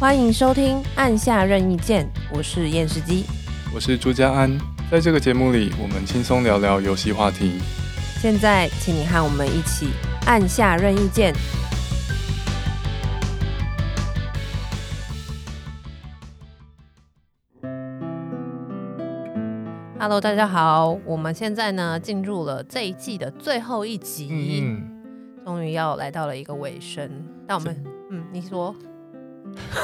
歡迎收聽《按下任意鍵》，我是驗視機，我是朱家安。在這個節目裡，我們輕鬆聊聊遊戲話題。現在，請你和我們一起按下任意鍵。Hello，大家好，我們現在呢進入了這一季的最後一集，嗯，終於要來到了一個尾聲。那這我們，嗯，你說。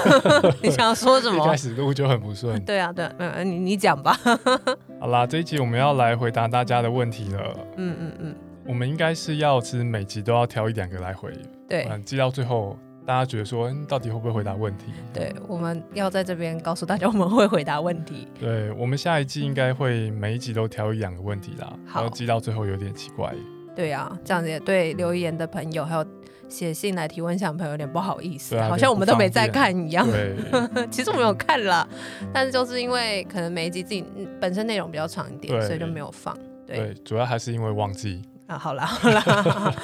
你想要說什麼？ 一開始錄就很不順。 對啊，對，嗯，你你講吧。 好啦，這一集我們要來回答大家的問題了。嗯嗯嗯。嗯嗯，我們應該是要其實每集都要挑一兩個來回。對，積到最後大家覺得說、嗯、到底會不會回答問題？對，我們要在這邊告訴大家我們會回答問題。 對，我們下一季應該會每一集都挑一兩個問題啦，好然後積到最後有點奇怪。對啊，這樣子也對留言的朋友還有寫信來提問小朋友有點不好意思、啊，對好像我們都沒在看一樣。啊、 其實我們有看了，嗯、但是就是因為可能每一集自己本身內容比較長一點，對所以就沒有放。對，對，主要還是因為忘記啊。好了好了，好，啦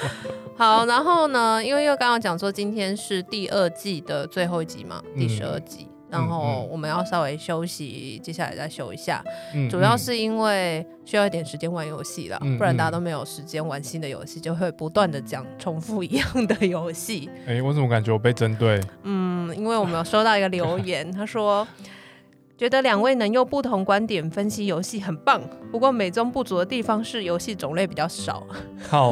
好，然後呢，因為又剛剛講說今天是第二季的最後一集嘛，第十二集。嗯然後我們要稍微休息，嗯、接下來再休息一下。嗯、主要是因為需要一點時間玩遊戲啦，嗯、不然大家都沒有時間玩新的遊戲，嗯、就會不斷的講重複一樣的遊戲。誒，我怎麼感覺我被針對？嗯，因為我們有收到一個留言，他 說。覺得兩位能用不同觀點分析遊戲很棒，不過美中不足的地方是遊戲種類比較少。靠，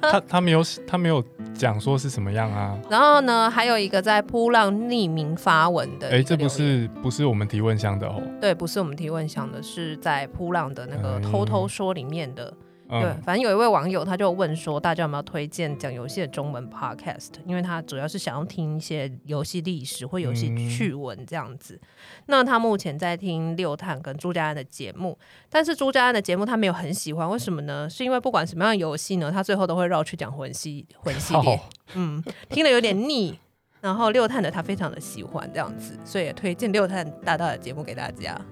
他他沒有 他沒有講說是什麼樣啊。然後呢，還有一個在撲浪匿名發文的，哎、欸，這不是不是我們提問箱的哦。對，不是我們提問箱的，是在撲浪的那個偷偷說裡面的。嗯對，反正有一位網友，他就問說，大家有沒有推薦講遊戲的中文 podcast？因為他主要是想要聽一些遊戲歷史或遊戲趣聞這樣子。嗯、那他目前在聽六探跟朱家安的節目，但是朱家安的節目他沒有很喜歡，為什麼呢？是因為不管什麼樣的遊戲呢，他最後都會繞去講魂系魂系列，oh. 嗯，聽得有點膩。 然後六探的他非常的喜歡這樣子，所以也推薦六探大大的節目給大家。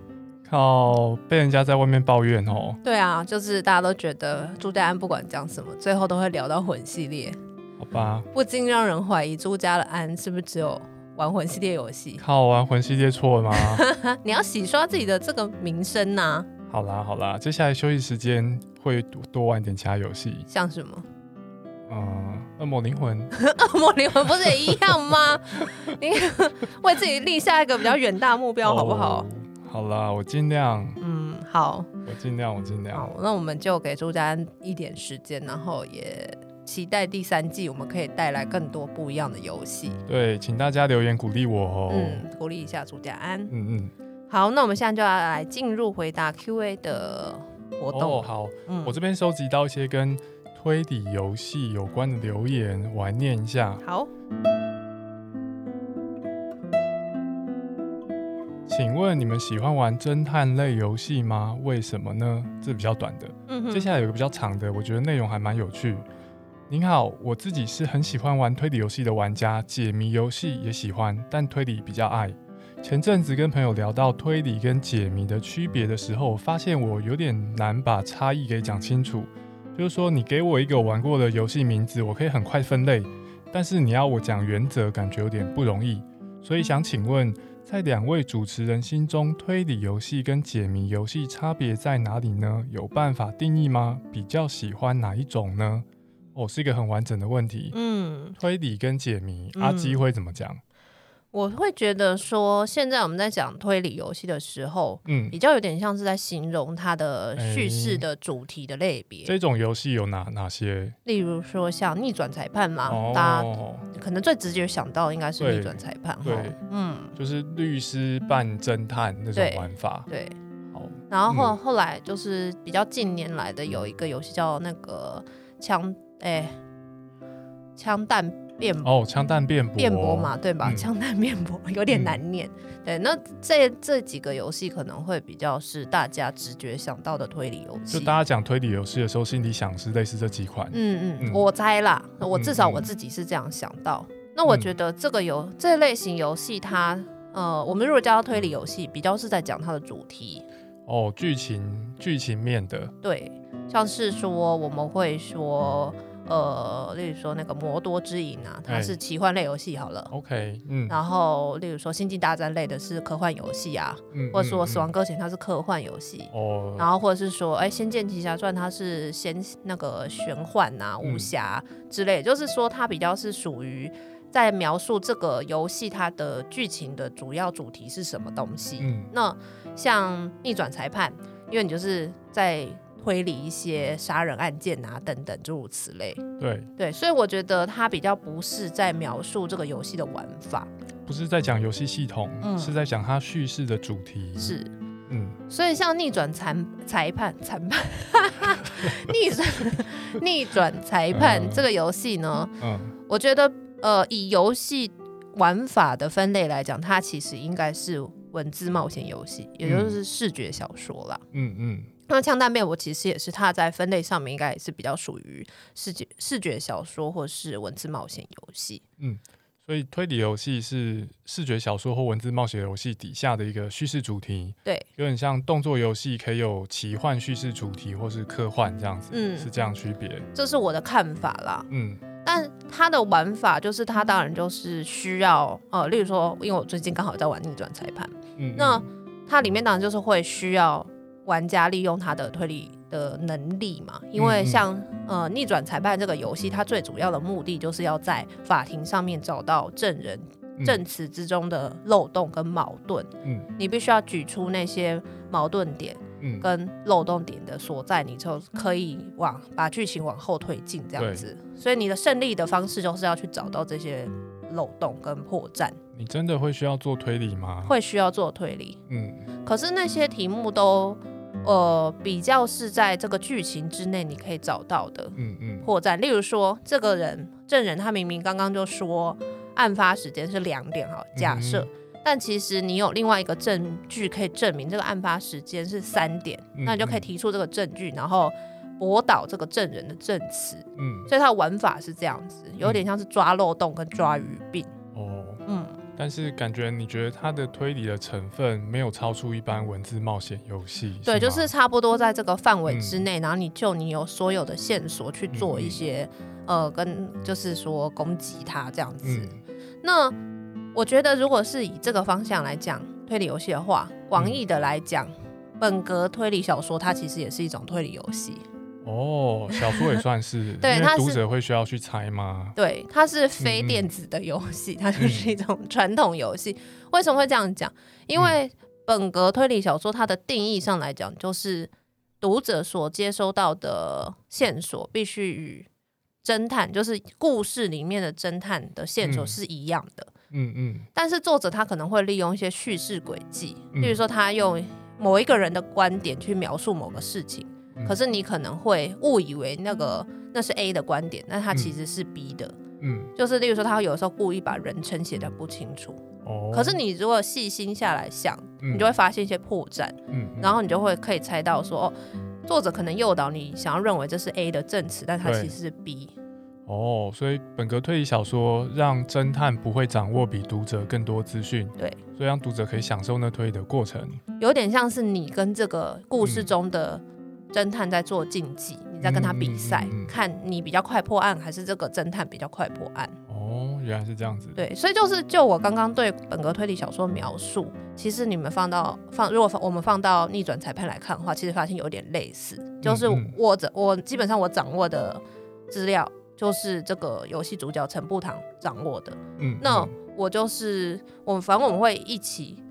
靠，被人家在外面抱怨哦。對啊，就是大家都覺得朱家安不管講什麼，最後都會聊到魂系列。好吧，不禁讓人懷疑朱家的安是不是只有玩魂系列遊戲？靠、啊，玩魂系列錯了嗎？ 你要洗刷自己的這個名聲吶、啊。好啦好啦，接下來休息時間會多玩點其他遊戲。像什麼？嗯，惡魔靈魂。惡 魔靈魂不是也一樣嗎？ 你為自己立下一個比較遠大目標，好不好？Oh. 好了，我盡量。嗯，好，我盡量，我盡量。好，那我們就給朱家安一點時間，然後也期待第三季，我們可以帶來更多不一樣的遊戲。對，請大家留言鼓勵我哦。嗯，鼓勵一下朱家安。嗯嗯，好，那我們現在就要來進入回答 Q&A 的活動。哦、好，嗯、我這邊收集到一些跟推理遊戲有關的留言，我來念一下。好。請問你們喜歡玩偵探類遊戲嗎？為什麼呢？這比較短的。嗯哼。接下來有個比較長的，我覺得內容還蠻有趣。您好，我自己是很喜歡玩推理遊戲的玩家，解謎遊戲也喜歡，但推理比較愛。前陣子跟朋友聊到推理跟解謎的區別的時候，發現我有點難把差異給講清楚。就是說，你給我一個我玩過的遊戲名字，我可以很快分類；但是你要我講原則，感覺有點不容易。所以想請問。在兩位主持人心中，推理遊戲跟解謎遊戲差別在哪裡呢？有辦法定義嗎？比較喜歡哪一種呢？哦，是一個很完整的問題。嗯，推理跟解謎，嗯，阿雞會怎麼講？我會覺得說，現在我們在講推理遊戲的時候，嗯，比較有點像是在形容它的敘事的主題的類別。嗯、這種遊戲有哪哪些？例如說像逆轉裁判嘛，哦、大家可能最直接想到應該是逆轉裁判，對，好對嗯，就是律師扮偵探那種玩法，對，對好然後後、嗯、後來就是比較近年來的有一個遊戲叫那個槍，哎，槍彈。變辨哦，槍彈辯辯駁嘛，對吧？槍彈辯駁有點難念。嗯、對，那這這幾個遊戲可能會比較是大家直覺想到的推理遊戲。就大家講推理遊戲的時候，心裡想是類似這幾款。嗯嗯，嗯我猜啦，那我至少我自己是這樣想到。嗯、那我覺得這個遊戲、嗯、這類型遊戲它，它呃，我們如果講推理遊戲，比較是在講它的主題哦，劇情劇情面的。對，像是說我們會說。呃，例如說那個《魔多之影》啊，它是奇幻類遊戲好了、欸。OK，嗯。然後，例如說《星際大戰》類的是科幻遊戲啊，嗯嗯嗯嗯、或者說《死亡擱淺》它是科幻遊戲。哦、嗯。然後，或者是說，哎、欸，《仙劍奇俠傳》它是仙那個玄幻啊、武俠之類，嗯、就是說它比較是屬於在描述這個遊戲它的劇情的主要主題是什麼東西。嗯。那像《逆轉裁判》，因為你就是在。推理一些殺人案件啊等等諸如此類。對對，所以我覺得他比較不是在描述這個遊戲的玩法，不是在講遊戲系統，嗯，是在講他敘事的主題。是，嗯，所以像逆轉裁裁判裁判，逆轉逆轉裁判這個遊戲呢，嗯，我覺得呃以遊戲玩法的分類來講，它其實應該是文字冒險遊戲，也就是視覺小說啦。嗯嗯。嗯那槍彈辯駁我其實也是，它在分類上面應該也是比較屬於視覺視覺小說或是文字冒險遊戲。嗯，所以推理遊戲是視覺小說或文字冒險遊戲底下的一個敘事主題。對，有點像動作遊戲可以有奇幻敘事主題或是科幻這樣子。嗯，是這樣區別。這是我的看法啦。嗯，但它的玩法就是它當然就是需要呃，例如說，因為我最近剛好在玩逆轉裁判。嗯，嗯，那它裡面當然就是會需要。玩家利用他的推理的能力嘛，因為像、嗯、呃逆轉裁判這個遊戲，它最主要的目的就是要在法庭上面找到證人、嗯、證詞之中的漏洞跟矛盾。嗯，你必須要舉出那些矛盾點，嗯，跟漏洞點的所在你，你就可以往把劇情往後推進這樣子。對所以你的勝利的方式就是要去找到這些漏洞跟破綻。你真的會需要做推理嗎？會需要做推理。嗯，可是那些題目都。呃，比較是在這個劇情之內你可以找到的嗯，嗯嗯，破綻。例如說，這個人證人他明明剛剛就說案發時間是兩點哈，假設，嗯、但其實你有另外一個證據可以證明這個案發時間是三點，嗯嗯、那你就可以提出這個證據，然後駁倒這個證人的證詞。嗯，所以他的玩法是這樣子，有點像是抓漏洞跟抓語病。哦、嗯，嗯。哦嗯但是感覺你覺得它的推理的成分沒有超出一般文字冒險遊戲？對，是嗎？就是差不多在這個範圍之內，嗯、然後你就你有所有的線索去做一些，嗯、呃，跟就是說攻擊它這樣子。嗯、那我覺得如果是以這個方向來講推理遊戲的話，廣義的來講，嗯、本格推理小說它其實也是一種推理遊戲。哦，小說也算是 對，因為讀者會需要去猜嗎？對，它是非電子的遊戲，嗯、它就是一種傳統遊戲。嗯、為什麼會這樣講？因為本格推理小說它的定義上來講，就是讀者所接收到的線索必須與偵探，就是故事裡面的偵探的線索是一樣的。嗯嗯。嗯嗯，但是作者他可能會利用一些敘事軌跡，比如說他用某一個人的觀點去描述某個事情。可是你可能會誤以為那個那是 A 的觀點，但他其實是 B 的。嗯，嗯，就是例如說，他有時候故意把人稱寫得不清楚。哦。可是你如果細心下來想，嗯、你就會發現一些破綻、嗯。嗯。然後你就會可以猜到說，哦，作者可能誘導你想要認為這是 A 的證詞，但他其實是 B。哦，所以本格推理小說讓偵探不會掌握比讀者更多資訊。對。所以讓讀者可以享受那推理的過程，有點像是你跟這個故事中的、嗯。偵探在做競技，你在跟他比賽，嗯嗯嗯嗯、看你比較快破案，還是這個偵探比較快破案？哦，原來是這樣子。對，所以就是就我剛剛對本格推理小說描述，其實你們放到放，如果我們放到逆轉裁判來看的話，其實發現有點類似，就是握、嗯嗯、我執我基本上我掌握的資料，就是這個遊戲主角成步堂掌握的。嗯，嗯那我就是我們反正我們會一起。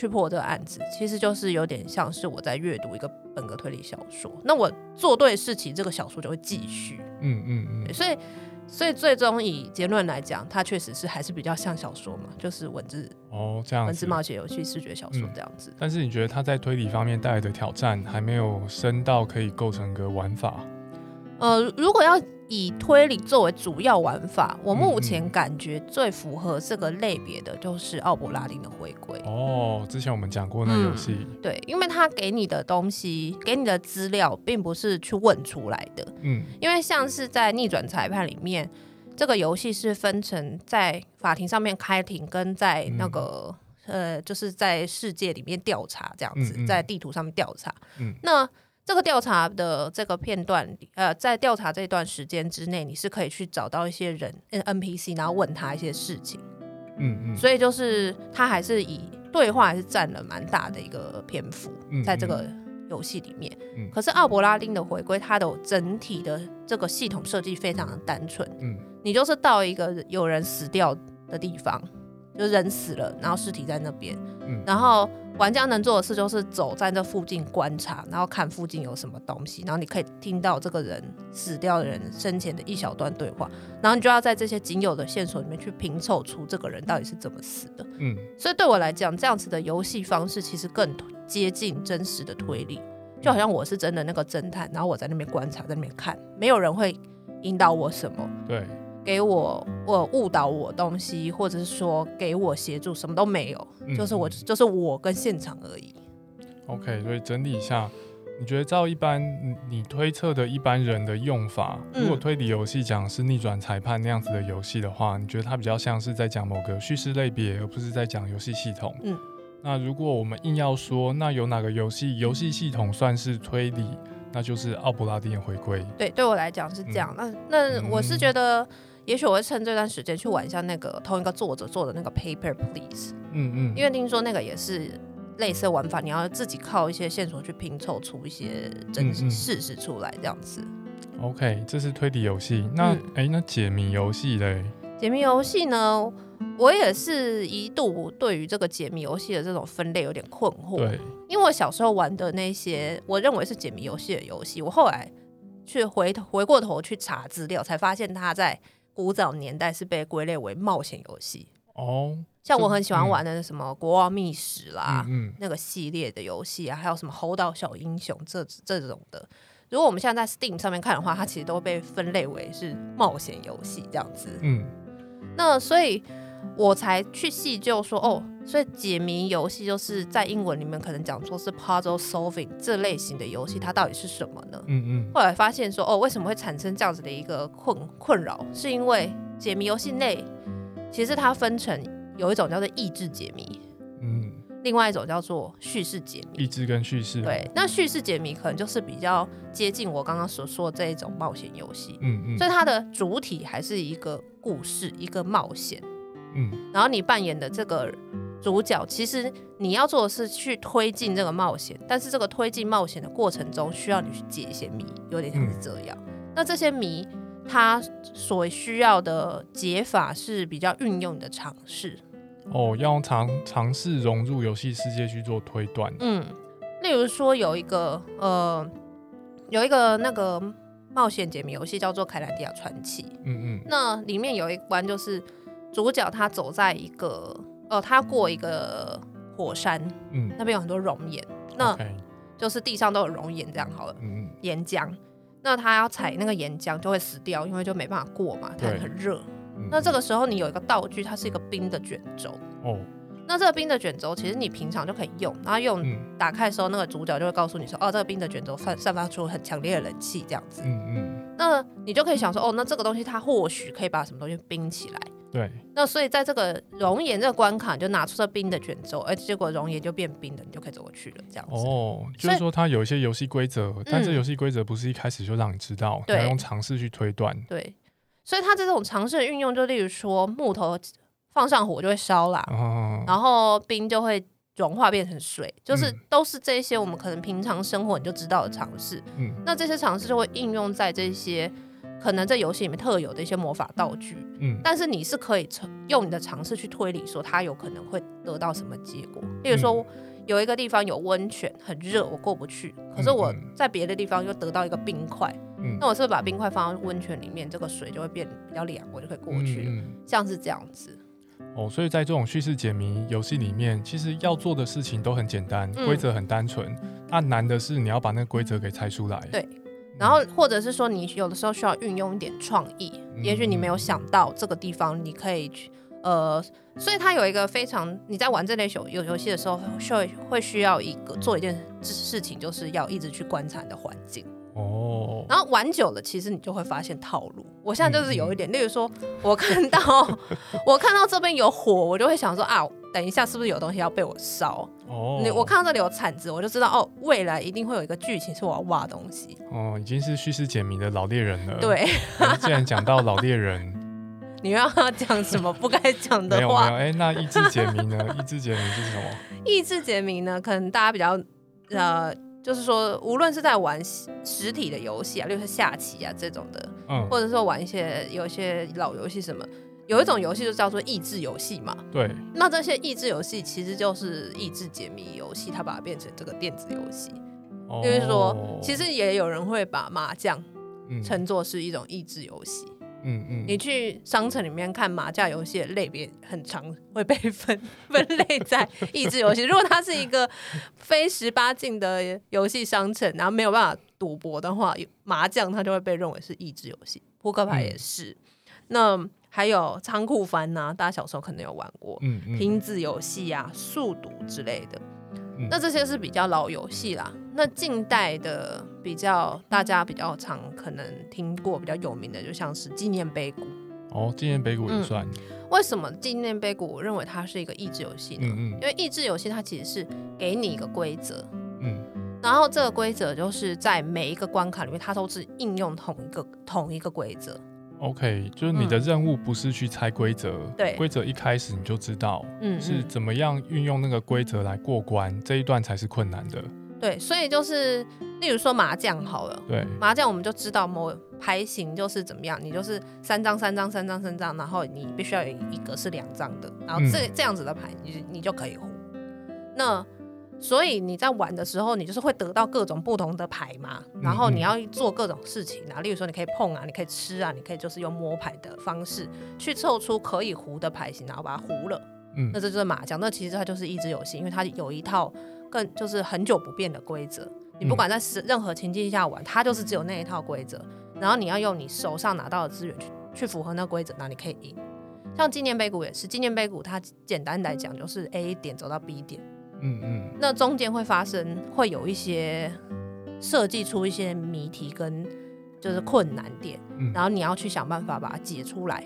去破這個案子，其實就是有點像是我在閱讀一個本格推理小說。那我做對事情，這個小說就會繼續。嗯嗯嗯。所以，所以最終以結論來講，它確實是還是比較像小說嘛，就是文字。哦，這樣。文字冒險遊戲、視覺小說這樣子。嗯，但是，你覺得它在推理方面帶來的挑戰，還沒有深到可以構成一個玩法？呃，如果要以推理作為主要玩法，我目前感覺最符合這個類別的就是奧柏拉丁的回歸。哦，之前我們講過那遊戲、嗯。對，因為他給你的東西、給你的資料，並不是去問出來的。嗯，因為像是在逆轉裁判裡面，這個遊戲是分成在法庭上面開庭，跟在那個、嗯、呃，就是在世界裡面調查這樣子，嗯嗯，在地圖上面調查。嗯，那。這個調查的這個片段，呃，在調查這段時間之內，你是可以去找到一些人，NPC，然後問他一些事情，嗯嗯，嗯，所以就是他還是以對話還是占了蠻大的一個篇幅，在這個遊戲裡面。嗯，嗯，可是奧柏拉丁的回歸，它的整體的這個系統設計非常的單純，嗯，你就是到一個有人死掉的地方，就人死了，然後屍體在那邊，嗯，嗯，然後。玩家能做的事就是走在那附近觀察，然後看附近有什麼東西，然後你可以聽到這個人死掉的人生前的一小段對話，然後你就要在這些僅有的線索裡面去拼湊出這個人到底是怎麼死的。嗯，所以對我來講，這樣子的遊戲方式其實更接近真實的推理，就好像我是真的那個偵探，然後我在那邊觀察，在那邊看，沒有人會引導我什麼。對。給我我誤導我東西，或者是說給我協助，什麼都沒有，嗯、就是我、嗯、就是我跟現場而已。OK，所以整理一下，你覺得照一般你推測的一般人的用法，嗯、如果推理遊戲講是逆轉裁判那樣子的遊戲的話，你覺得它比較像是在講某個敘事類別，而不是在講遊戲系統。嗯，那如果我們硬要說，那有哪個遊戲遊戲系統算是推理，那就是奧柏拉丁的回歸。對，對我來講是這樣。那、嗯啊、那我是覺得。也許我會趁這段時間去玩一下那個同一個作者做的那個 Paper Please，嗯嗯，因為聽說那個也是類似玩法，你要自己靠一些線索去拼湊出一些真實事實出來，這樣子。OK，這是推理遊戲。那哎，那解謎遊戲嘞？解謎遊戲呢，我也是一度對於這個解謎遊戲的這種分類有點困惑。對，因為我小時候玩的那些，我認為是解謎遊戲的遊戲，我後來去回頭回過頭去查資料，才發現它在。古早年代是被歸類為冒險遊戲哦，像我很喜歡玩的是什麼《國王密使》啦，嗯，嗯，嗯，那個系列的遊戲啊，還有什麼《猴島小英雄》這這種的。如果我們現在在 Steam 上面看的話，它其實都被分類為是冒險遊戲這樣子，嗯，嗯，那所以。我才去細究說哦，所以解謎遊戲就是在英文裡面可能講說是 puzzle solving 這類型的遊戲，它到底是什麼呢？嗯嗯。嗯後來發現說哦，為什麼會產生這樣子的一個困困擾？是因為解謎遊戲內其實它分成有一種叫做益智解謎，嗯，另外一種叫做敘事解謎。益智跟敘事。對，那敘事解謎可能就是比較接近我剛剛所說的這一種冒險遊戲，嗯嗯，所以它的主體還是一個故事，一個冒險。嗯，然後你扮演的這個主角，其實你要做的是去推進這個冒險，但是這個推進冒險的過程中，需要你去解一些謎，有點像是這樣。嗯，那這些謎，它所需要的解法是比較運用的嘗試。哦，要嘗嘗試融入遊戲世界去做推斷。嗯，例如說有一個呃，有一個那個冒險解謎遊戲叫做《凱蘭迪亞傳奇》。嗯嗯，那裡面有一關就是。主角他走在一個，哦、呃，他過一個火山，嗯，那邊有很多熔岩，Okay. 那就是地上都有熔岩這樣好了，嗯、岩漿，那他要踩那個岩漿就會死掉，因為就沒辦法過嘛，它很熱。嗯、那這個時候你有一個道具，它是一個冰的卷軸，哦、嗯，那這個冰的卷軸其實你平常就可以用，然後用打開的時候，那個主角就會告訴你說，嗯、哦，這個冰的卷軸散散發出很強烈的冷氣這樣子，嗯嗯，嗯那你就可以想說，哦，那這個東西它或許可以把什麼東西冰起來。對，那所以在這個熔岩這個關卡，就拿出了冰的卷軸，而結果熔岩就變冰的，你就可以走過去了，這樣子。哦，所以，就是說它有一些遊戲規則，嗯、但這遊戲規則不是一開始就讓你知道，對，你要用嘗試去推斷。對，所以它這種嘗試的運用，就例如說木頭放上火就會燒啦，哦、然後冰就會融化變成水，就是都是這一些我們可能平常生活你就知道的嘗試。嗯、那這些嘗試就會應用在這些。可能在遊戲裡面特有的一些魔法道具，嗯，但是你是可以用你的嘗試去推理說，說它有可能會得到什麼結果。例如說，嗯、有一個地方有溫泉，很熱，我過不去，可是我在別的地方又得到一個冰塊，嗯，那我是不是把冰塊放到溫泉裡面，這個水就會變比較涼，我就可以過去了，嗯嗯、像是這樣子。哦，所以在這種敘事解謎遊戲裡面，其實要做的事情都很簡單，規則、嗯、很單純，那、啊、難的是你要把那個規則給猜出來，嗯、對。然後，或者是說，你有的時候需要運用一點創意，嗯嗯，也許你沒有想到這個地方，你可以去，呃，所以它有一個非常，你在玩這類遊遊遊戲的時候，需要會需要一個做一件事情，就是要一直去觀察你的環境。哦。然後玩久了，其實你就會發現套路。我現在就是有一點，嗯嗯，例如說，我看到 我看到這邊有火，我就會想說啊。等一下，是不是有東西要被我燒？哦，你我看到這裡有鏟子，我就知道哦，未來一定會有一個劇情是我要挖東西。哦，已經是敘事解謎的老獵人了。對，既 然講到老獵人，你要講什麼不該講的話？話 有哎、欸，那益智解謎呢？ 益智解謎是什麼？益智解謎呢？可能大家比較呃，就是說，無論是在玩實體的遊戲啊，例如說下棋啊這種的，嗯，或者說玩一些有一些老遊戲什麼。有一種遊戲就叫做益智遊戲嘛。對。那這些益智遊戲其實就是益智解謎遊戲，它把它變成這個電子遊戲。哦、就是說，其實也有人會把麻將稱作是一種益智遊戲。嗯嗯。你去商城裡面看麻將遊戲的類別，很常會被分分類在益智遊戲。 如果它是一個非十八禁的遊戲商城，然後沒有辦法賭博的話，麻將它就會被認為是益智遊戲。撲克牌也是。嗯、那。還有倉庫番吶，大家小時候可能有玩過，嗯拼字遊戲啊、嗯、數獨之類的，嗯、那這些是比較老遊戲啦。那近代的比較大家比較常可能聽過比較有名的，就像是紀念碑谷。哦，紀念碑谷也算、嗯。為什麼紀念碑谷我認為它是一個益智遊戲呢？嗯嗯、因為益智遊戲它其實是給你一個規則，嗯，然後這個規則就是在每一個關卡裡面，它都是應用同一個同一個規則。OK，就是你的任務不是去猜規則，嗯，對，規則一開始你就知道，嗯，是怎麼樣運用那個規則來過關，嗯嗯，這一段才是困難的。對，所以就是，例如說麻將好了，對，麻將我們就知道某牌型就是怎麼樣，你就是三張三張三張三張，然後你必須要有一個是兩張的，然後這，嗯、這樣子的牌你你就可以胡。那所以你在玩的時候，你就是會得到各種不同的牌嘛，然後你要做各種事情啊，嗯嗯、例如說你可以碰啊，你可以吃啊，你可以就是用摸牌的方式去湊出可以胡的牌型，然後把它胡了。嗯、那這就是麻將，那其實它就是一直遊戲，因為它有一套更就是很久不變的規則，你不管在任何情境下玩，它就是只有那一套規則，然後你要用你手上拿到的資源去去符合那規則，那你可以贏。像紀念碑谷也是，紀念碑谷它簡單來講就是 A 點走到 B 點。嗯嗯，那中間會發生，會有一些設計出一些謎題跟就是困難點，然後你要去想辦法把它解出來。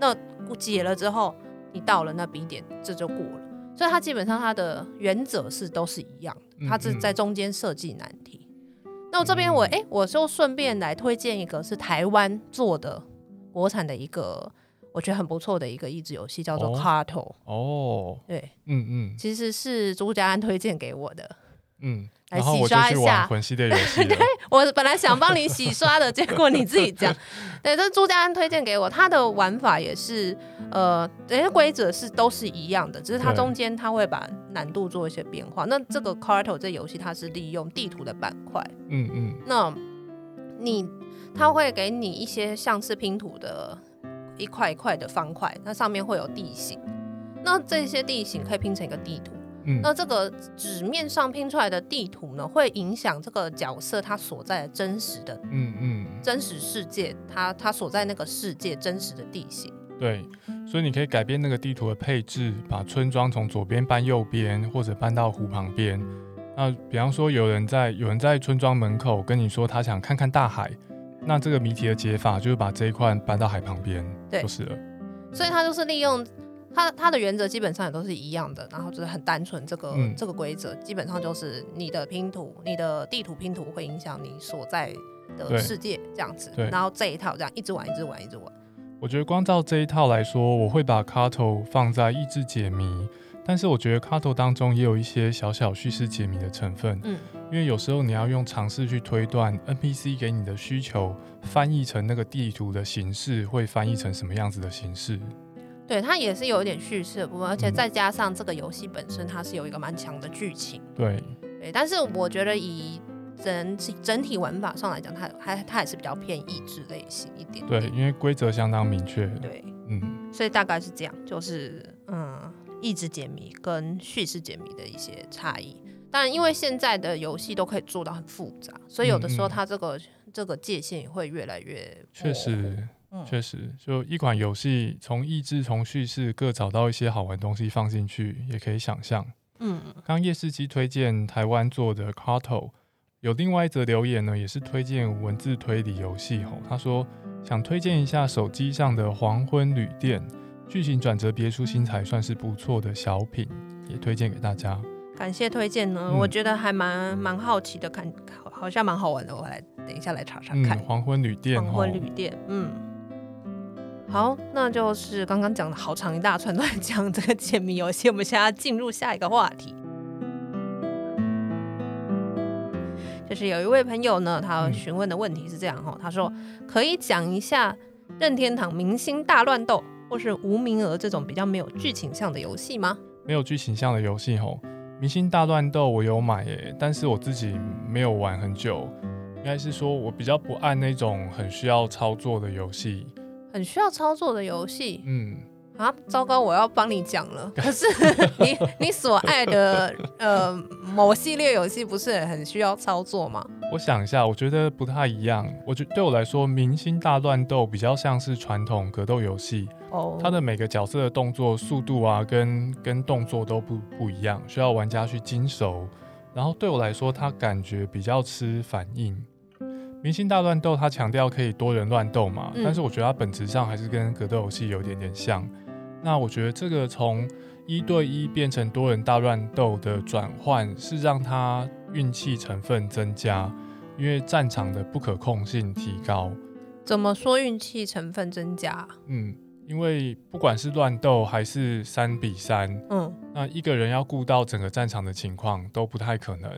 那解了之後，你到了那 B 點，這就過了。所以它基本上它的原則是都是一樣的，它是在中間設計難題。那我這邊我哎、欸，我就順便來推薦一個，是台灣做的國產的一個。我覺得很不錯的一個益智遊戲，叫做 Carto。哦，對，嗯嗯，其實是朱家安推薦給我的，嗯，來洗刷一下魂系的 對，我本來想幫你洗刷的， 結果你自己講。對，這朱家安推薦給我。他的玩法也是，呃，人家規則是都是一樣的，只是它中間他會把難度做一些變化。對那這個 Carto 這遊戲，它是利用地圖的板塊，嗯嗯，那你他會給你一些像是拼圖的。一塊一塊的方塊，那上面會有地形，那這些地形可以拼成一個地圖。嗯，那這個紙面上拼出來的地圖呢，會影響這個角色他所在的真實的，嗯嗯，真實世界，他他所在那個世界真實的地形。對，所以你可以改變那個地圖的配置，把村莊從左邊搬右邊，或者搬到湖旁邊。那比方說有，有人在有人在村莊門口跟你說，他想看看大海。那這個謎題的解法就是把這一塊搬到海旁邊對，就是了。所以它就是利用它它的原則基本上也都是一樣的，然後就是很單純。這個、嗯、這個規則基本上就是你的拼圖，你的地圖拼圖會影響你所在的世界這樣子。對然後這一套這樣一直玩，一直玩，一直玩。我覺得光照這一套來說，我會把 CARTO 放在益智解謎。但是我覺得《卡托》當中也有一些小小敘事解謎的成分，嗯，因為有時候你要用嘗試去推斷 NPC 給你的需求翻譯成那個地圖的形式會翻譯成什麼樣子的形式。對，它也是有一點敘事的部分，而且再加上這個遊戲本身它是有一個蠻強的劇情。嗯、對對，但是我覺得以整體整體玩法上來講，它還它還是比較偏益智類型一點點。對，因為規則相當明確、嗯。對，嗯，所以大概是這樣，就是嗯。意智解謎跟敘事解謎的一些差異，但因為現在的遊戲都可以做到很複雜，所以有的時候它這個、嗯嗯、這個界限也會越來越。確實，確、哦嗯、實，就一款遊戲從意智從敘事各找到一些好玩東西放進去，也可以想象。嗯，剛夜世基推薦台灣做的 Carto，有另外一則留言呢，也是推薦文字推理遊戲吼，他說想推薦一下手機上的《黃昏旅店》。劇情轉折別出心裁，算是不錯的小品，也推薦給大家。感謝推薦呢，嗯、我覺得還蠻蠻好奇的，看好像蠻好玩的，我來等一下來查查看。嗯、黃昏旅店，黃昏旅店，嗯，嗯好，那就是剛剛講了好長一大串都在講這個解謎遊戲，我們現在進入下一個話題，就是有一位朋友呢，他詢問的問題是這樣哈，嗯、他說可以講一下任天堂明星大亂鬥。或是無名鵝這種比較沒有劇情向的遊戲嗎？沒有劇情向的遊戲吼，明星大亂鬥我有買耶、欸，但是我自己沒有玩很久，應該是說我比較不愛那種很需要操作的遊戲。很需要操作的遊戲？嗯，啊，糟糕，我要幫你講了。可是你你所愛的 呃某系列遊戲不是很需要操作嗎？我想一下，我覺得不太一樣。我覺對我來說，明星大亂鬥比較像是傳統格鬥遊戲。他的每個角色的動作速度啊，跟跟動作都不不一樣，需要玩家去精熟。然後對我來說，他感覺比較吃反應。明星大亂鬥他強調可以多人亂鬥嘛，嗯，但是我覺得他本質上還是跟格鬥遊戲有點點像。那我覺得這個從一對一變成多人大亂鬥的轉換，是讓他運氣成分增加，因為戰場的不可控性提高。怎麼說運氣成分增加？嗯。因為不管是亂鬥還是三比三，嗯，那一個人要顧到整個戰場的情況都不太可能，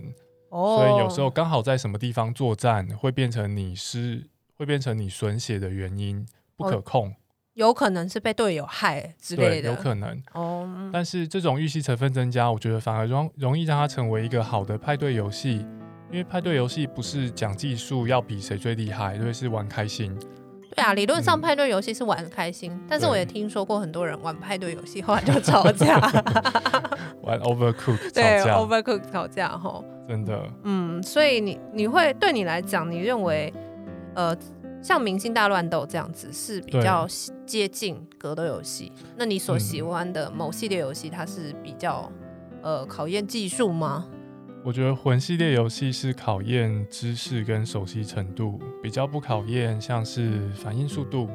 哦，所以有時候剛好在什麼地方作戰，會變成你是會變成你損血的原因，不可控，哦，有可能是被隊友害之類的，對，有可能，哦，但是這種預期成分增加，我覺得反而容容易讓它成為一個好的派對遊戲，因為派對遊戲不是講技術要比誰最厲害，對，對，是玩開心。對啊，理論上派對遊戲是玩得開心，嗯、但是我也聽說過很多人玩派對遊戲後來就吵架，對 玩 Overcooked 吵架，對 Overcooked 吵架哈，真的，嗯，所以你你會對你來講，你認為呃像明星大亂鬥這樣子是比較接近格鬥遊戲？對那你所喜歡的某系列遊戲，它是比較、嗯、呃考驗技術嗎？我覺得魂系列遊戲是考驗知識跟熟悉程度，比較不考驗像是反應速度、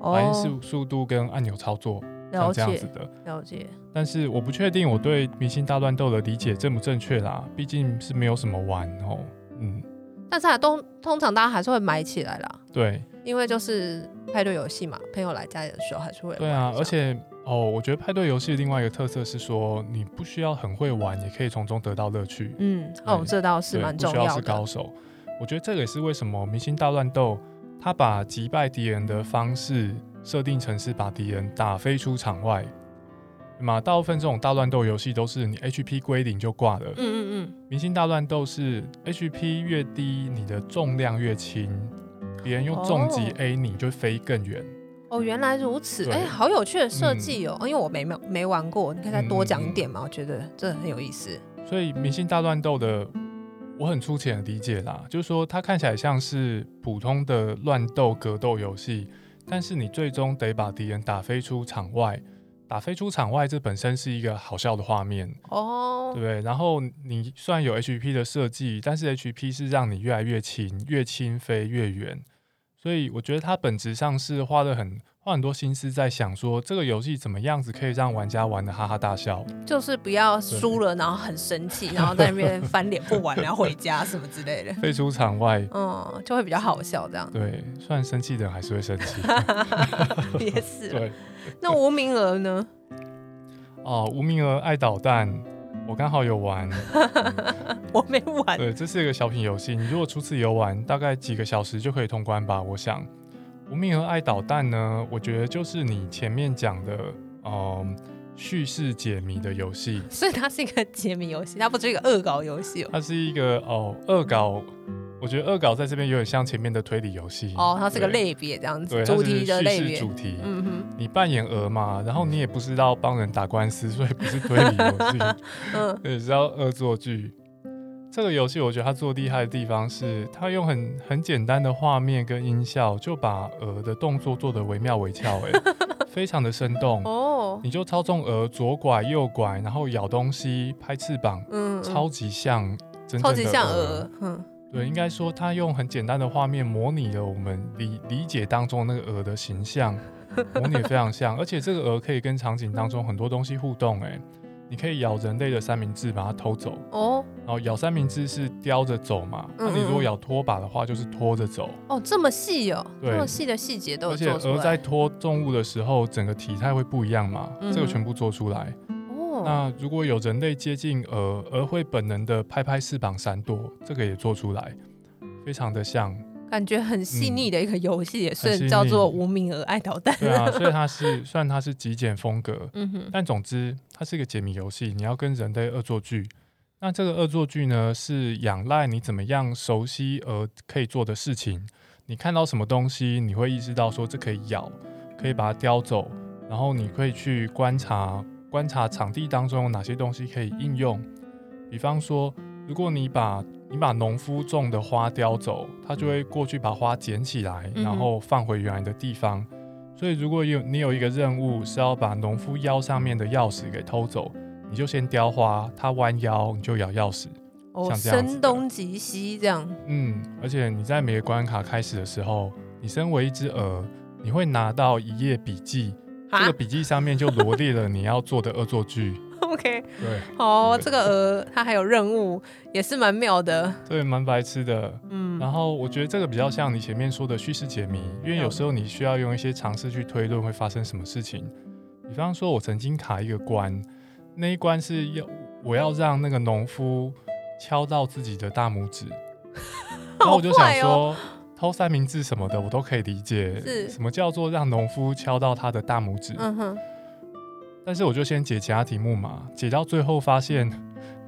哦、反應速速度跟按鈕操作，像這樣子的。了解。了解。但是我不確定我對《明星大亂鬥》的理解正不正確啦，畢、嗯、竟是沒有什麼玩哦。嗯。但是還都，通通常大家還是會買起來啦。對。因為就是派對遊戲嘛，朋友來家裡的時候還是會玩。對啊，而且。哦，我覺得派對遊戲的另外一個特色是說，你不需要很會玩，也可以從中得到樂趣。嗯，對哦，這倒是蠻重要的。不需要是高手，我覺得這個也是為什麼《明星大亂鬥》他把擊敗敵人的方式設定成是把敵人打飛出場外。嘛，大部分這種大亂鬥遊戲都是你 HP 歸零就掛了。嗯嗯嗯。《明星大亂鬥》是 HP 越低，你的重量越輕，別人用重擊 A 你就飛更遠。哦。哦，原來如此，哎對、欸，好有趣的設計哦，嗯、因為我沒沒沒玩過，你可以再多講一點嘛，嗯、我覺得這很有意思。所以《明星大亂鬥》的，我很粗淺的理解啦，就是說它看起來像是普通的亂鬥格鬥遊戲，但是你最終得把敵人打飛出場外，打飛出場外這本身是一個好笑的畫面哦，對，然後你雖然有 HP 的設計，但是 HP 是讓你越來越輕，越輕飛越遠。所以我覺得他本質上是花了很花很多心思在想說這個遊戲怎麼樣子可以讓玩家玩得哈哈大笑，就是不要輸了對然後很生氣，然後在那邊翻臉不玩，然後回家什麼之類的，飛 出場外，嗯、哦，就會比較好笑這樣。對，雖然生氣的人還是會生氣， 也死了。 對那無名鵝呢？哦，無名鵝愛搗蛋，我剛好有玩。嗯我沒玩。對，這是一個小品遊戲。你如果初次遊玩，大概幾個小時就可以通關吧。我想，無名鵝愛搗蛋呢，我覺得就是你前面講的嗯敘、呃、事解謎的遊戲、嗯。所以它是一個解謎遊戲，它不是一個惡搞遊戲、喔。它是一個哦，惡搞。我覺得惡搞在這邊有點像前面的推理遊戲。哦，它是個類別這樣子，對主題的類別。是敘事主題，嗯哼你扮演鵝嘛，然後你也不知道幫人打官司，所以不是推理遊戲。 嗯，你知道惡作劇。這個遊戲我覺得它做厲害的地方是，它用很很簡單的畫面跟音效，就把鵝的動作做得惟妙惟肖，欸、非常的生動 哦。你就操縱鵝左拐右拐，然後咬東西、拍翅膀，嗯嗯超級像真正的鵝。超級像鵝，嗯、對，應該說它用很簡單的畫面模擬了我們理理解當中那個鵝的形象，模擬非常像， 而且這個鵝可以跟場景當中很多東西互動、欸你可以咬人類的三明治，把它偷走哦。然後咬三明治是叼着走嘛？嗯嗯，那你如果咬拖把的話，就是拖着走。哦，這麼細哦，對這麼細的細節都有。而且，鵝在拖重物的時候，整個體態會不一樣嘛？嗯嗯，這個全部做出來。哦，那如果有人類接近鵝，鵝會本能地拍拍翅膀閃躲，這個也做出來，非常的像。感覺很細膩的一個遊戲，也是，嗯、叫做《無名鵝愛搗蛋》。對啊，所以它是算它是極簡風格，嗯，哼但總之它是一個解謎遊戲。你要跟人類惡作劇，那這個惡作劇呢，是仰賴你怎麼樣熟悉而可以做的事情。你看到什麼東西，你會意識到說這可以咬，可以把它叼走。然後你可以去觀察，觀察場地當中有哪些東西可以應用。比方說，如果你把你把農夫種的花叼走，他就會過去把花撿起來，嗯、然後放回原來的地方。嗯、所以如果你有你有一個任務是要把農夫腰上面的鑰匙給偷走，你就先叼花，他彎腰你就咬鑰匙，哦、像這樣子聲東擊西這樣。嗯，而且你在每個關卡開始的時候，你身為一隻鵝，你會拿到一頁筆記，哈這個筆記上面就羅列了你要做的惡作劇。 OK，對，哦好，對這個鵝它還有任務，也是蠻妙的，對，蠻白痴的，嗯。然後我覺得這個比較像你前面說的敘事解謎，嗯、因為有時候你需要用一些嘗試去推論會發生什麼事情。比方說，我曾經卡一個關，那一關是要我要讓那個農夫敲到自己的大拇指，嗯、然後我就想說，哦、偷三明治什麼的我都可以理解，是，什麼叫做讓農夫敲到他的大拇指？嗯哼但是我就先解其他題目嘛，解到最後發現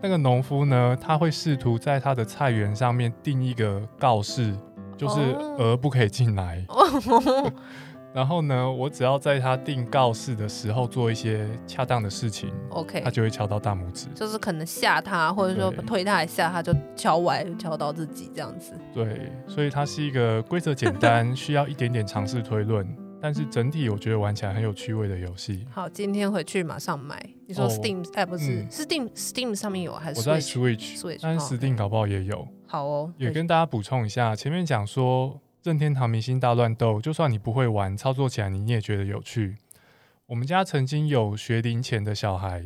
那個農夫呢，他會試圖在他的菜園上面定一個告示，就是鵝不可以進來。Oh. Oh. 然後呢，我只要在他定告示的時候做一些恰當的事情，OK，他就會敲到大拇指。就是可能嚇他，或者說推他一下，他就敲歪，敲到自己這樣子。對，所以它是一個規則簡單， 需要一點點嘗試推論。但是整體我覺得玩起來很有趣味的遊戲。嗯、好，今天回去馬上買。你說 Steam a、哦哎、不是、嗯、？Steam Steam 上面有還是？我在 Switch Switch，m Sw 但 Steam、嗯、搞不好也有。好哦。也跟大家補充一下，以前面講說《任天堂明星大亂鬥》，就算你不會玩，操作起來你也覺得有趣。我們家曾經有學齡前的小孩，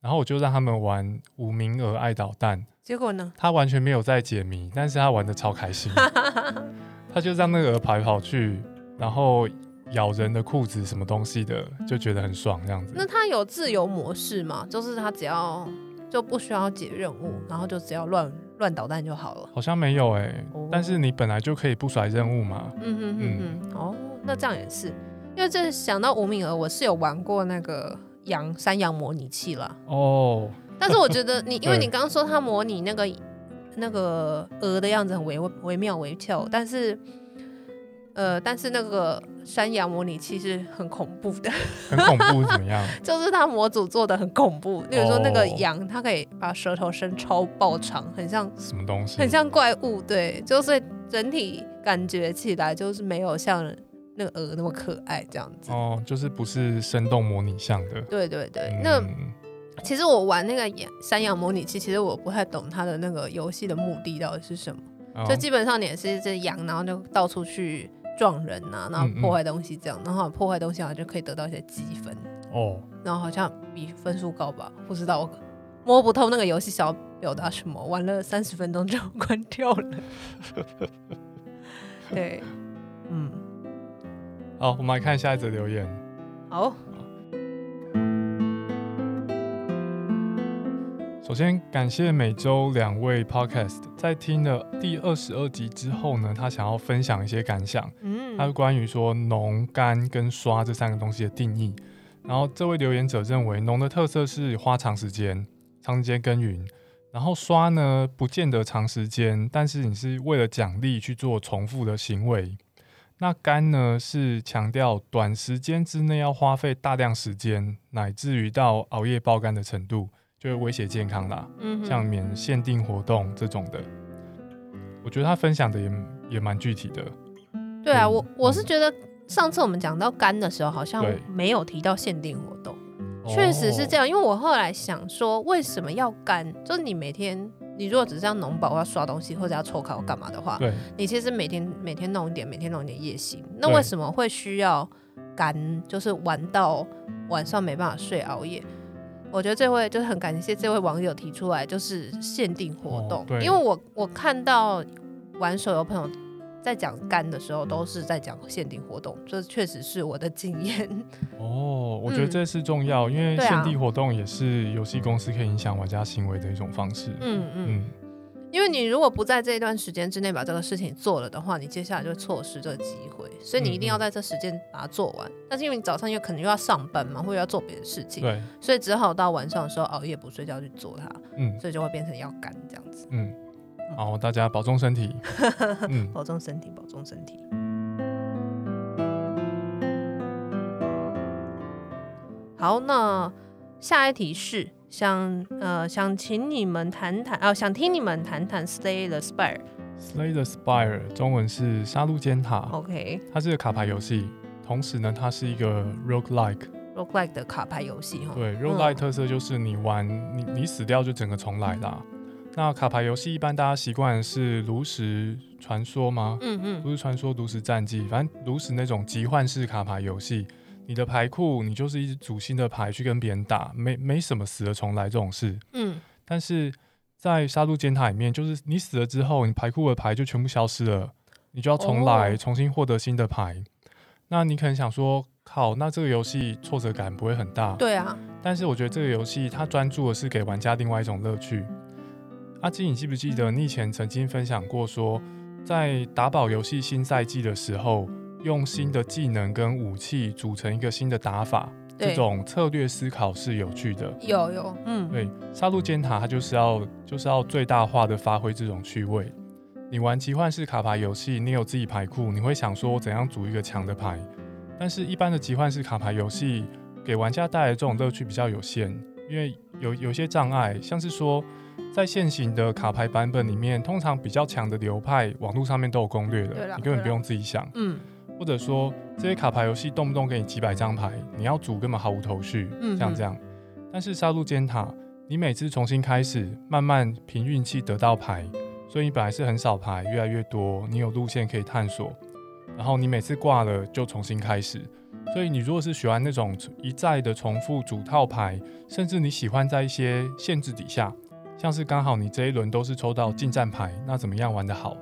然後我就讓他們玩無名鵝愛搗蛋，結果呢，他完全沒有在解謎，但是他玩得超開心。 他就讓那個鵝牌跑來跑去，然後。咬人的褲子，什麼東西的，就覺得很爽這樣子。那他有自由模式嗎？就是他只要就不需要解任務，然後就只要亂亂搗蛋就好了。好像沒有哎、欸，哦、但是你本來就可以不甩任務嘛。嗯嗯嗯哼，哼，哼，嗯哦，那這樣也是，因為這想到無名鵝，我是有玩過那個羊山羊模擬器了。哦。但是我覺得你， 對因為你剛剛說他模擬那個那個鵝的樣子很惟惟妙惟肖，但是。呃，但是那個山羊模擬器是很恐怖的，很恐怖，怎麼樣？ 就是它模組做的很恐怖。例如說，那個羊它可以把舌頭伸超爆長，很像什麼東西？很像怪物，對，就是整體感覺起來就是沒有像那個鵝那麼可愛這樣子。哦，就是不是生動模擬像的。對對對，嗯，那其實我玩那個羊山羊模擬器，其實我不太懂它的那個遊戲的目的到底是什麼。哦，就基本上你也是一只羊，然後就到處去。撞人啊，然後破壞東西這樣，嗯嗯，然後破壞東西啊，就可以得到一些積分哦，然後好像比分數高吧，不知道，我摸不透那個遊戲想要表達什麼，玩了三十分鐘就關掉了。 對，嗯，好，我們來看下一則留言。好。首先感謝每周兩位 Podcast 在聽了第二十二集之後呢，他想要分享一些感想。嗯，他是關於說農、肝跟刷這三個東西的定義。然後這位留言者認為，農的特色是花長時間、長時間耕耘。然後刷呢，不見得長時間，但是你是為了獎勵去做重複的行為。那肝呢，是強調短時間之內要花費大量時間，乃至於到熬夜爆肝的程度。就是威脅健康啦，嗯、哼像免限定活動這種的，我覺得他分享的也也蠻具體的。對啊，我、嗯、我是覺得上次我們講到肝的時候，好像沒有提到限定活動。確對實是這樣，哦、因為我後來想說，為什麼要肝？就是你每天，你如果只是要農保要刷東西，或者要抽卡要幹嘛的話，對你其實每天每天弄一點，每天弄一點也行，那為什麼會需要肝？對就是玩到晚上沒辦法睡，熬夜。我覺得這位就是很感謝這位網友提出來，就是限定活動，哦、因為我我看到玩手遊朋友在講肝的時候，都是在講限定活動，嗯、這確實是我的經驗。哦，我覺得這是重要，嗯、因為限定活動也是遊戲公司可以影響玩家行為的一種方式。嗯嗯。嗯因為你如果不在這一段時間之內把這個事情做了的話，你接下來就會錯失這個機會，所以你一定要在這時間把它做完。嗯嗯、但是因為你早上又可能又要上班嘛，或者要做別的事情，對所以只好到晚上的時候熬夜不睡覺去做它，嗯，所以就會變成要幹這樣子，嗯。好，大家保重身體，嗯、 保重身體，保重身體。好，那下一題是。想呃，想請你們談談啊，想聽你們談談《Slay the Spire》。《Slay the Spire》中文是殺戮尖塔。OK。它是個卡牌遊戲，同時呢，它是一個 Rogue Like。Rogue Like 的卡牌遊戲哈。對、嗯、Rogue Like 特色就是你玩你你死掉就整個重來啦、啊。嗯、那卡牌遊戲一般大家習慣是爐石傳說嗎？嗯嗯哼，爐石傳說、爐石戰記，反正爐石那種集換式卡牌遊戲。你的牌庫，你就是一組新的牌去跟別人打，沒沒什麼死了重來這種事。嗯，但是在殺戮尖塔裡面，就是你死了之後，你牌庫的牌就全部消失了，你就要重來，重新獲得新的牌。哦、那你可能想說，靠，那這個遊戲挫折感不會很大。對啊，但是我覺得這個遊戲它專注的是給玩家另外一種樂趣。阿、啊、雞，你記不記得、嗯、你以前曾經分享過說，在打寶遊戲新賽季的時候，用新的技能跟武器組成一個新的打法，對這種策略思考是有趣的。有有，嗯，對，殺戮尖塔它就是要就是要最大化的發揮這種趣味。你玩奇幻式卡牌遊戲，你有自己牌庫，你會想說怎樣組一個強的牌。但是，一般的奇幻式卡牌遊戲給玩家帶來的這種樂趣比較有限，因為有有些障礙，像是說在現行的卡牌版本裡面，通常比較強的流派，網路上面都有攻略的，你根本不用自己想，嗯。或者說這些卡牌遊戲動不動給你幾百張牌，你要組根本毫無頭緒，嗯、哼像這樣這樣。但是殺戮尖塔，你每次重新開始，慢慢憑運氣得到牌，所以你本來是很少牌，越來越多，你有路線可以探索。然後你每次掛了就重新開始，所以你如果是喜歡那種一再的重複組套牌，甚至你喜歡在一些限制底下，像是剛好你這一輪都是抽到近戰牌，那怎麼樣玩得好？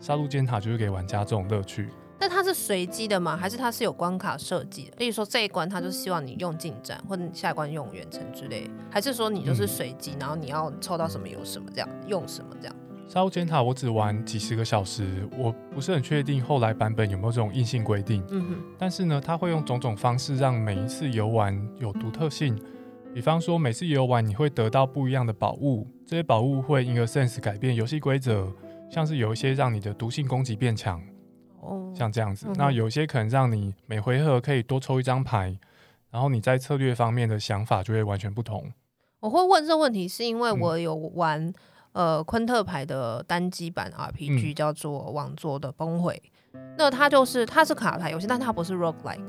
殺戮尖塔就是給玩家這種樂趣。但它是隨機的嗎？還是它是有關卡設計的？例如說這一關它就希望你用近戰，或者下一關用遠程之類，還是說你就是隨機，嗯、然後你要抽到什麼有什麼這樣，嗯、用什麼這樣？殺戮尖塔我只玩幾十個小時，我不是很確定後來版本有沒有這種硬性規定。嗯、哼但是呢，它會用種種方式讓每一次遊玩有獨特性。嗯、比方說，每次遊玩你會得到不一樣的寶物，這些寶物會 in a sense 改變遊戲規則，像是有一些讓你的毒性攻擊變強。像這樣子，嗯、那有些可能讓你每回合可以多抽一張牌，然後你在策略方面的想法就會完全不同。我會問這問題，是因為我有玩、嗯、呃昆特牌的單機版 RPG，、嗯、叫做《王座的崩毀》。那它就是它是卡牌遊戲，但它不是 roguelike，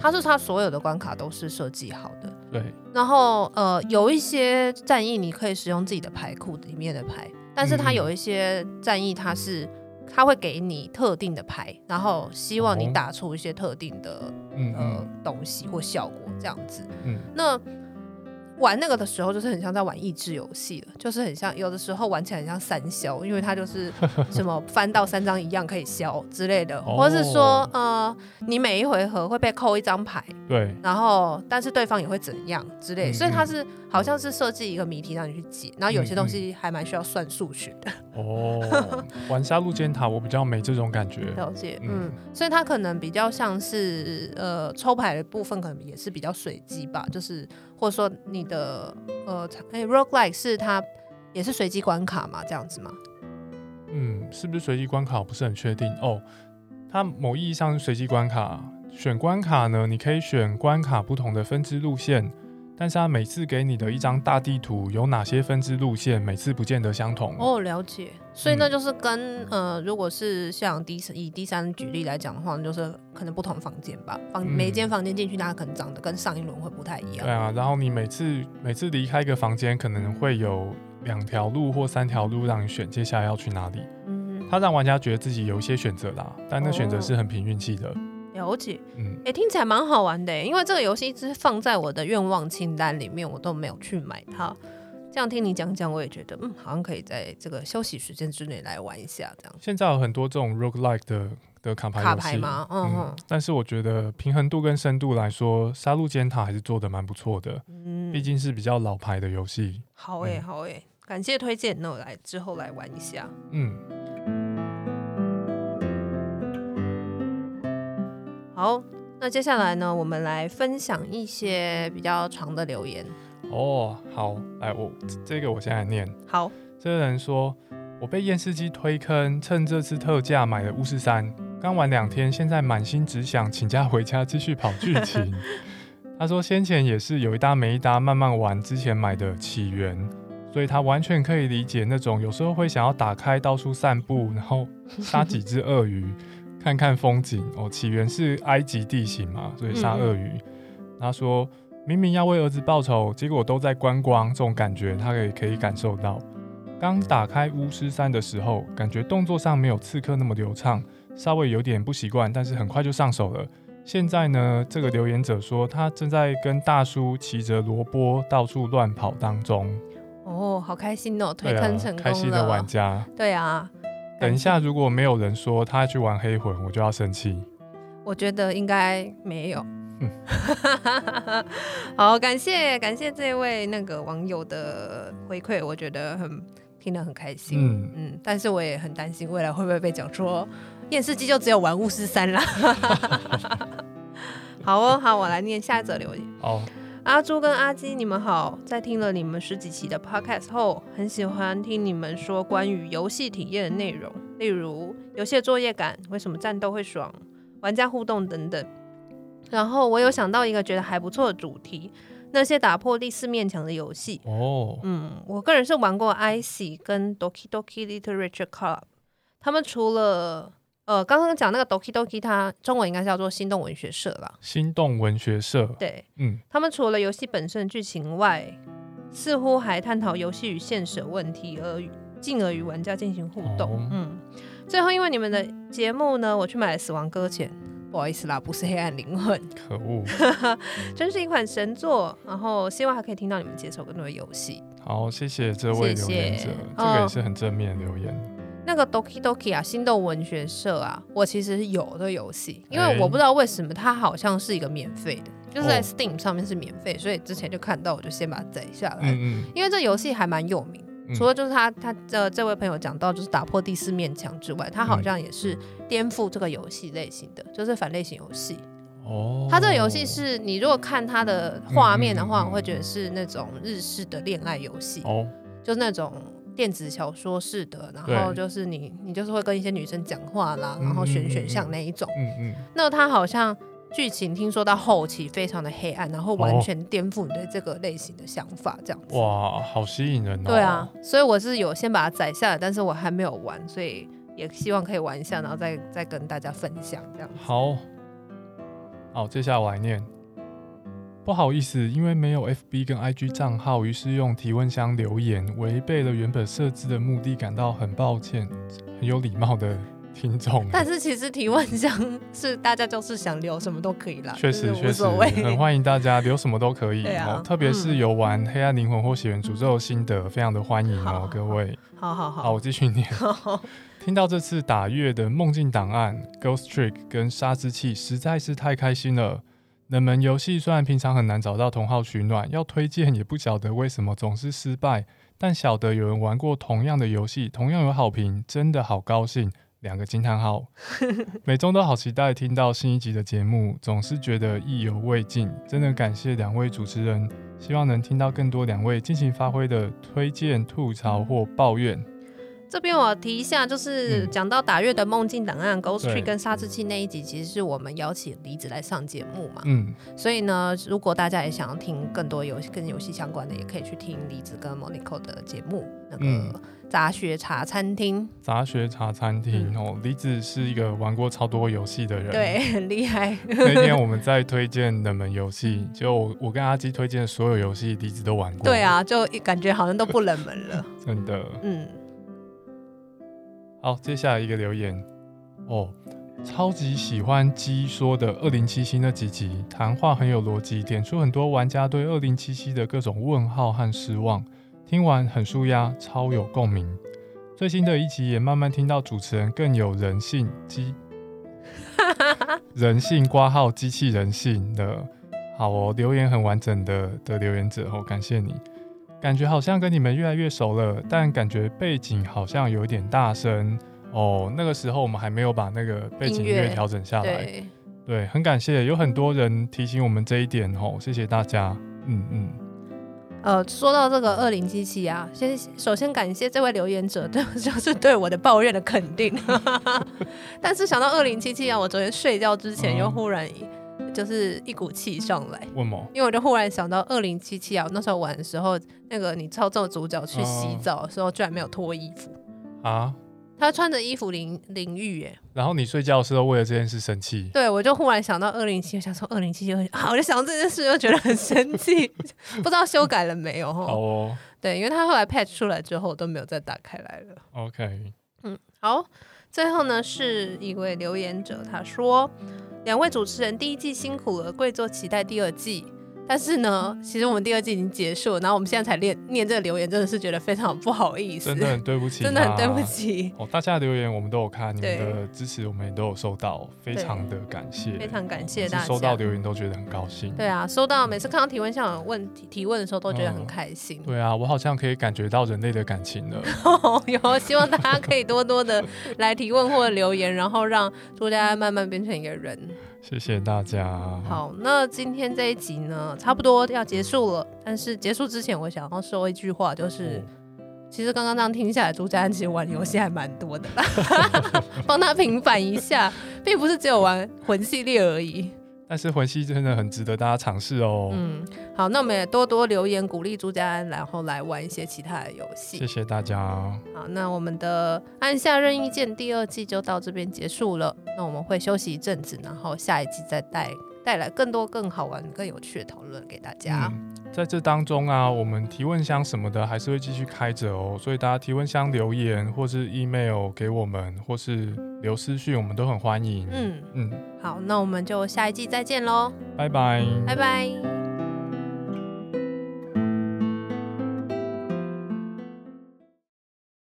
它、嗯、是它所有的關卡都是設計好的。對。然後呃，有一些戰役你可以使用自己的牌庫裡面的牌，但是它有一些戰役它是。他會給你特定的牌，然後希望你打出一些特定的、哦、嗯嗯呃東西或效果這樣子。嗯、那玩那個的時候，就是很像在玩益智遊戲了，就是很像有的時候玩起來很像三消，因為它就是什麼翻到三張一樣可以消之類的， 之類的或是說、哦、呃你每一回合會被扣一張牌，對，然後但是對方也會怎樣之類的，嗯嗯所以它是好像是設計一個謎題讓你去解，嗯嗯然後有些東西還蠻需要算數學的。嗯嗯 哦，玩殺戮尖塔我比較沒這種感覺，了解、 嗯，嗯，所以它可能比較像是呃抽牌的部分，可能也是比較隨機吧，就是或者說你的呃，哎、欸、roguelike 是它也是隨機關卡嘛，這樣子嗎？嗯，是不是隨機關卡不是很確定哦，它某意義上是隨機關卡，選關卡呢，你可以選關卡不同的分支路線。但是他、啊、每次給你的一張大地圖有哪些分支路線，每次不見得相同哦。了解，所以那就是跟、嗯、呃，如果是像第以第三舉例來講的話，就是可能不同房間吧，房、嗯、每一間房間進去，那可能長得跟上一輪會不太一樣。對啊，然後你每次每次離開一個房間，可能會有兩條路或三條路讓你選，接下來要去哪裡？嗯嗯，它讓玩家覺得自己有一些選擇啦，但那選擇是很憑運氣的。哦了解，嗯，哎，聽起來蠻好玩的，因為這個遊戲一直放在我的願望清單裡面，我都沒有去買它。這樣聽你講講，我也覺得，嗯，好像可以在這個休息時間之內來玩一下。這樣，現在有很多這種 roguelike 的的卡牌遊戲嗎？嗯嗯。嗯，但是我覺得平衡度跟深度來說，《殺戮尖塔》還是做得蠻不錯的，嗯，畢竟是比較老牌的遊戲。好誒、欸、嗯、好誒、欸，感謝推薦，那我來之後來玩一下，嗯。嗯。好，那接下來呢，我們來分享一些比較長的留言。哦，oh, 好，來我這個我現在念。好，這個人說：“我被驗司機推坑，趁這次特價買了巫師三，剛玩兩天，現在滿心只想請假回家繼續跑劇情。” 他說：“先前也是有一搭沒一搭慢慢玩之前買的起源，所以他完全可以理解那種有時候會想要打開到處散步，然後殺幾隻鱷魚。” 看看風景哦，起源是埃及地形嘛，所以殺鱷魚。嗯、他說明明要為兒子報仇，結果都在觀光，這種感覺他也可以感受到。剛打開巫師三的時候，感覺動作上沒有刺客那麼流暢，稍微有點不習慣，但是很快就上手了。現在呢，這個留言者說他正在跟大叔騎着蘿蔔到處亂跑當中。哦，好開心哦，推坑成功、啊、開心的玩家。對啊。等一下，如果沒有人說他去玩黑魂，我就要生氣。我覺得應該沒有。嗯、 好，感謝感謝這位那個網友的回饋，我覺得很聽得很開心。嗯嗯，但是我也很擔心未來會不會被講說《電、嗯、視機就只有玩巫師三了。 好哦，好，我來念下一則留言。阿朱跟阿雞，你們好！在聽了你們十幾期的 podcast 後，很喜歡聽你們說關於遊戲體驗的內容，例如遊戲的作業感、為什麼戰鬥會爽、玩家互動等等。然後我有想到一個覺得還不錯的主題：那些打破第四面牆的遊戲。哦，oh. 嗯，我個人是玩過《Icy》跟《Doki Doki Literature Club》，他們除了呃，剛剛講那個 Dokidoki，它中文應該叫做心動文學社啦。心動文學社，對，嗯，他們除了遊戲本身劇情外，似乎還探討遊戲與現實問題，而進而與玩家進行互動。哦、嗯，最後因為你們的節目呢，我去買了《死亡擱淺》，不好意思啦，不是《黑暗靈魂》，可惡， 真是一款神作。然後希望還可以聽到你們接受更多的遊戲。好，謝謝這位留言者，謝謝這個也是很正面的留言。哦那個 Doki Doki 啊，心動文學社啊，我其實有這個遊戲，因為我不知道為什麼它好像是一個免費的，欸、就是在 Steam 上面是免費，oh. 所以之前就看到我就先把它載下來。嗯嗯，因為這遊戲還蠻有名，除了就是他他的這位朋友講到就是打破第四面牆之外，它好像也是顛覆這個遊戲類型的，就是反類型遊戲。哦。Oh. 它這個遊戲是你如果看它的畫面的話，嗯嗯嗯嗯我會覺得是那種日式的戀愛遊戲。哦。Oh. 就是那種。電子小說是的，然後就是你，對你就是會跟一些女生講話啦，嗯、然後選選項哪一種。嗯嗯。嗯嗯那它好像劇情聽說到後期非常的黑暗，然後完全顛覆你對這個類型的想法，這樣子。哇，好吸引人、哦。對啊，所以我是有先把它載下來，但是我還沒有玩，所以也希望可以玩一下，然後再再跟大家分享這樣子。好，好、哦，接下來我來念。不好意思，因為沒有 F B 跟 I G 賬號於、嗯、是用提問箱留言，違背了原本設置的目的，感到很抱歉。很有禮貌的聽眾。但是其實提問箱是大家就是想留什麼都可以啦，確實確實很歡迎大家留什麼都可以，啊、哦。特別是有玩《黑暗靈魂》或《血緣詛咒》的心得，嗯、非常的歡迎哦，各位。好好好，好，我繼續念。好好聽到這次打月的夢境檔案好好 Ghost Trick 跟殺之器，實在是太開心了。冷門遊戲雖然平常很難找到同好取暖，要推薦也不曉得為什麼總是失敗，但曉得有人玩過同樣的遊戲，同樣有好評，真的好高興。兩個驚嘆號， 每周都好期待聽到新一集的節目，總是覺得意猶未盡。真的感謝兩位主持人，希望能聽到更多兩位盡情發揮的推薦、吐槽或抱怨。這邊我提一下，就是講到打月的夢境檔案、嗯、Ghost Tree 跟殺之器那一集，其實是我們邀請李子來上節目嘛。嗯，所以呢，如果大家也想要聽更多遊戲跟遊戲相關的，也可以去聽李子跟 Monico 的節目，那個雜學茶餐廳、嗯。雜學茶餐廳、嗯、哦，李子是一個玩過超多遊戲的人，對，很厲害。 那天我們在推薦冷門遊戲，就我跟阿基推薦的所有遊戲，李子都玩過。對啊，就感覺好像都不冷門了， 真的。嗯。好，接下來一個留言哦，超級喜歡雞說的《2077》那幾集，談話很有邏輯，點出很多玩家對《2077》的各種問號和失望，聽完很舒壓，超有共鳴。最新的一集也慢慢聽到主持人更有人性、G，雞，哈哈哈，人性括號機器人性的，好哦，留言很完整的的留言者，哦，感謝你。感覺好像跟你們越來越熟了，但感覺背景好像有點大聲哦。那個時候我們還沒有把那個背景音樂調整下來。對，對，很感謝有很多人提醒我們這一點哦，謝謝大家。嗯嗯。呃，說到這個二零七七啊，先首先感謝這位留言者對，就是對我的抱怨的肯定。 但是想到二零七七啊，我昨天睡覺之前又忽然、嗯。就是一股氣上來，為什麼？因為我就忽然想到二零七七啊，那時候玩的時候，那個你操作主角去洗澡的時候，啊、居然沒有脫衣服啊！他穿着衣服淋淋浴，欸，耶。然後你睡覺的時候為了這件事生氣，對，我就忽然想到二零七七，想說二零七七，我就想到這件事，又覺得很生氣， 不知道修改了沒有？哦，對，因為他後來 patch 出來之後都沒有再打開來了。OK，嗯，好。最後呢，是一位留言者，他說：“兩位主持人，第一季辛苦了，跪坐期待第二季。”但是呢，其實我們第二季已經結束了，然後我們現在才念念這個留言，真的是覺得非常不好意思，真的，真的很對不起，真的很對不起。哦，大家的留言我們都有看，對你們的支持我們也都有收到，非常的感謝，嗯、非常感謝大家。哦、收到留言都覺得很高興。對啊，收到每次看到提問，像有問、想問提提問的時候都覺得很開心，嗯。對啊，我好像可以感覺到人類的感情了。後、 哦、希望大家可以多多的來提問或者留言， 然後讓大家慢慢變成一個人。謝謝大家。好，那今天這一集呢，差不多要結束了。但是結束之前，我想要說一句話，就是，哦、其實剛剛這樣聽下來，朱家安其實玩遊戲還蠻多的，幫 他平反一下， 並不是只有玩魂系列而已。但是魂系真的很值得大家嘗試哦。嗯，好，那我們也多多留言鼓勵朱家安，然後來玩一些其他的遊戲。謝謝大家哦。好，那我們的按下任意鍵第二季就到這邊結束了。那我們會休息一陣子，然後下一季再帶。帶來更多更好玩、更有趣的討論給大家。嗯，在這當中啊，我們提問箱什麼的還是會繼續開着哦，所以大家提問箱留言，或是 email 給我們，或是留私訊，我們都很歡迎。嗯嗯，嗯好，那我們就下一季再見嘍，拜拜，拜拜。